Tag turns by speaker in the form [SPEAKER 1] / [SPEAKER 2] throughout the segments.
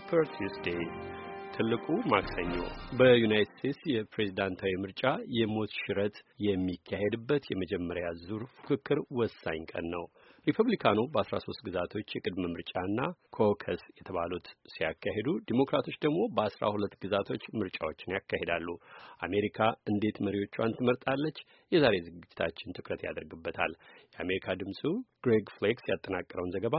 [SPEAKER 1] ሱፐር ቲውስዴይ ትልቁ ማክሰኞ በዩናይትድ ስቴትስ የፕሬዝዳንታዊ ምርጫ የሞት ሽረት የሚካሄድበት የመጀመሪያ ዙር ፉክክር ወሳኝ ቀን ነው። ሪፐብሊካኑ በ13 ግዛቶች የቅድመ ምርጫና ኮከስ የተባሉት ሲያካሂዱ፣ ዲሞክራቶች ደግሞ በ12 ግዛቶች ምርጫዎችን ያካሂዳሉ። አሜሪካ እንዴት መሪዎቿን ትመርጣለች? የዛሬ ዝግጅታችን ትኩረት ያደርግበታል። የአሜሪካ ድምፁ ግሬግ ፍሌክስ ያጠናቀረውን ዘገባ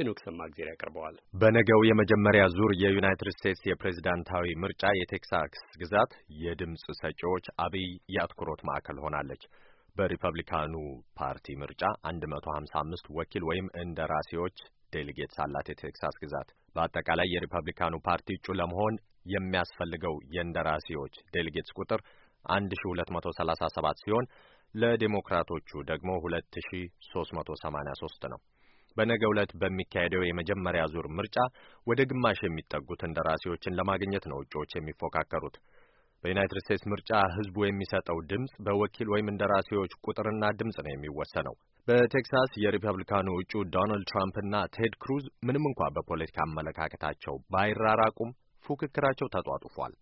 [SPEAKER 1] ሄኖክ ሰማእግዜር ያቀርበዋል። በነገው የመጀመሪያ ዙር የዩናይትድ ስቴትስ የፕሬዝዳንታዊ ምርጫ የቴክሳስ ግዛት የድምፅ ሰጪዎች አብይ የአትኩሮት ማዕከል ሆናለች። በሪፐብሊካኑ ፓርቲ ምርጫ 155 ወኪል ወይም እንደራሴዎች ዴሊጌትስ አላት የቴክሳስ ግዛት። በአጠቃላይ የሪፐብሊካኑ ፓርቲ እጩ ለመሆን የሚያስፈልገው የእንደራሴዎች ዴሊጌትስ ቁጥር 1237 ሲሆን ለዴሞክራቶቹ ደግሞ 2383 ነው። በነገ ዕለት በሚካሄደው የመጀመሪያ ዙር ምርጫ ወደ ግማሽ የሚጠጉት እንደራሴዎችን ለማግኘት ነው እጩዎች የሚፎካከሩት። በዩናይትድ ስቴትስ ምርጫ ህዝቡ የሚሰጠው ድምፅ በወኪል ወይም እንደራሴዎች ቁጥርና ድምፅ ነው የሚወሰነው። በቴክሳስ የሪፐብሊካኑ እጩ ዶናልድ ትራምፕና ቴድ ክሩዝ ምንም እንኳ በፖለቲካ አመለካከታቸው ባይራራቁም ፉክክራቸው ተጧጡፏል።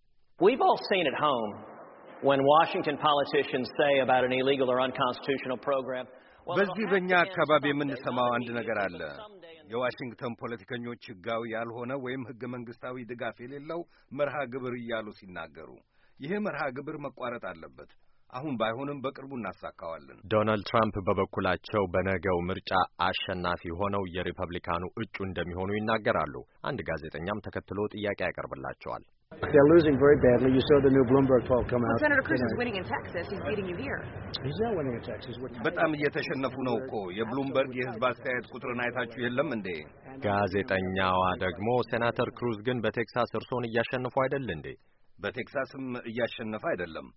[SPEAKER 2] በዚህ በእኛ አካባቢ የምንሰማው አንድ ነገር አለ። የዋሽንግተን ፖለቲከኞች ሕጋዊ ያልሆነ ወይም ሕገ መንግሥታዊ ድጋፍ የሌለው መርሃ ግብር እያሉ ሲናገሩ፣ ይሄ መርሃ ግብር መቋረጥ አለበት። አሁን ባይሆንም በቅርቡ እናሳካዋለን።
[SPEAKER 1] ዶናልድ ትራምፕ በበኩላቸው በነገው ምርጫ አሸናፊ ሆነው የሪፐብሊካኑ እጩ እንደሚሆኑ ይናገራሉ። አንድ ጋዜጠኛም ተከትሎ ጥያቄ ያቀርብላቸዋል።
[SPEAKER 2] They're losing very badly. You saw the new Bloomberg poll come out. Senator Cruz is winning in Texas. He's beating you here. He's not winning in Texas. በጣም እየተሸነፉ ነው እኮ። የብሉምበርግ የህዝብ አስተያየት ቁጥርን አይታችሁ የለም እንዴ?
[SPEAKER 1] ጋዜጠኛዋ ደግሞ ሴናተር ክሩዝ ግን በቴክሳስ እርሶን እያሸነፉ አይደል እንዴ?
[SPEAKER 2] በቴክሳስም እያሸነፈ አይደለም።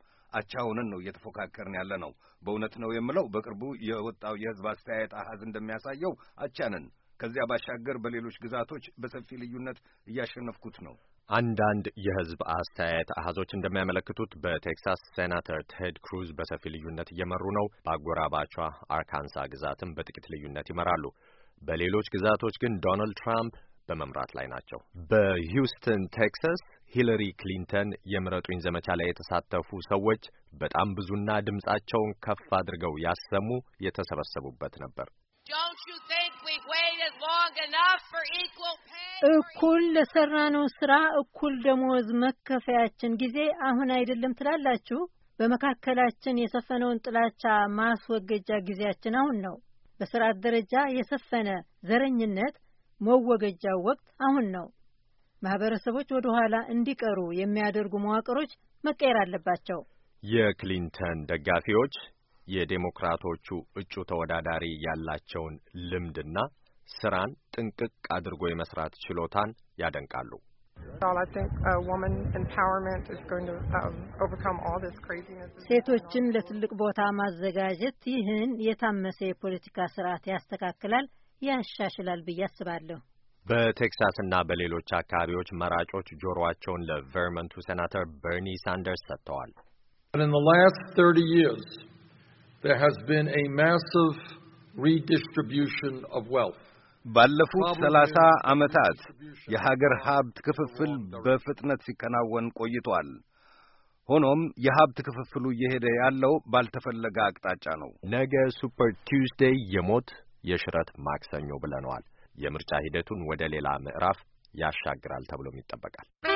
[SPEAKER 2] አቻ ሆነን ነው እየተፎካከርን ያለ ነው። በእውነት ነው የምለው በቅርቡ የወጣው የህዝብ አስተያየት አሃዝ እንደሚያሳየው አቻ ከዚያ ባሻገር በሌሎች ግዛቶች በሰፊ ልዩነት እያሸነፍኩት ነው።
[SPEAKER 1] አንዳንድ የህዝብ አስተያየት አሃዞች እንደሚያመለክቱት በቴክሳስ ሴናተር ቴድ ክሩዝ በሰፊ ልዩነት እየመሩ ነው። በአጎራባቿ አርካንሳ ግዛትም በጥቂት ልዩነት ይመራሉ። በሌሎች ግዛቶች ግን ዶናልድ ትራምፕ በመምራት ላይ ናቸው። በሂውስተን ቴክሳስ ሂለሪ ክሊንተን የምረጡኝ ዘመቻ ላይ የተሳተፉ ሰዎች በጣም ብዙና ድምጻቸውን ከፍ አድርገው ያሰሙ
[SPEAKER 2] የተሰበሰቡበት ነበር። እኩል ለሰራነው ስራ እኩል ደሞዝ መከፈያችን ጊዜ አሁን አይደለም ትላላችሁ? በመካከላችን የሰፈነውን ጥላቻ ማስወገጃ ጊዜያችን አሁን ነው። በስርዓት ደረጃ የሰፈነ ዘረኝነት መወገጃው ወቅት አሁን ነው። ማህበረሰቦች ወደ ኋላ እንዲቀሩ የሚያደርጉ መዋቅሮች መቀየር አለባቸው።
[SPEAKER 1] የክሊንተን ደጋፊዎች የዴሞክራቶቹ እጩ ተወዳዳሪ ያላቸውን ልምድና ስራን ጥንቅቅ አድርጎ የመስራት
[SPEAKER 2] ችሎታን ያደንቃሉ። uh, ሴቶችን ለትልቅ ቦታ ማዘጋጀት ይህን የታመሰ የፖለቲካ ስርዓት ያስተካክላል፣ ያሻሽላል ብዬ አስባለሁ።
[SPEAKER 1] በቴክሳስና በሌሎች አካባቢዎች መራጮች ጆሮአቸውን ለቨርመንቱ ሴናተር በርኒ ሳንደርስ ሰጥተዋል። ላስት has been a massive redistribution of
[SPEAKER 2] ባለፉት ሰላሳ ዓመታት የሀገር ሀብት ክፍፍል በፍጥነት ሲከናወን ቆይቷል። ሆኖም የሀብት ክፍፍሉ እየሄደ ያለው ባልተፈለገ አቅጣጫ ነው።
[SPEAKER 1] ነገ ሱፐር ቲውስዴይ የሞት የሽረት ማክሰኞ ብለነዋል። የምርጫ ሂደቱን ወደ ሌላ ምዕራፍ
[SPEAKER 2] ያሻግራል ተብሎም ይጠበቃል።